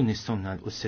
u s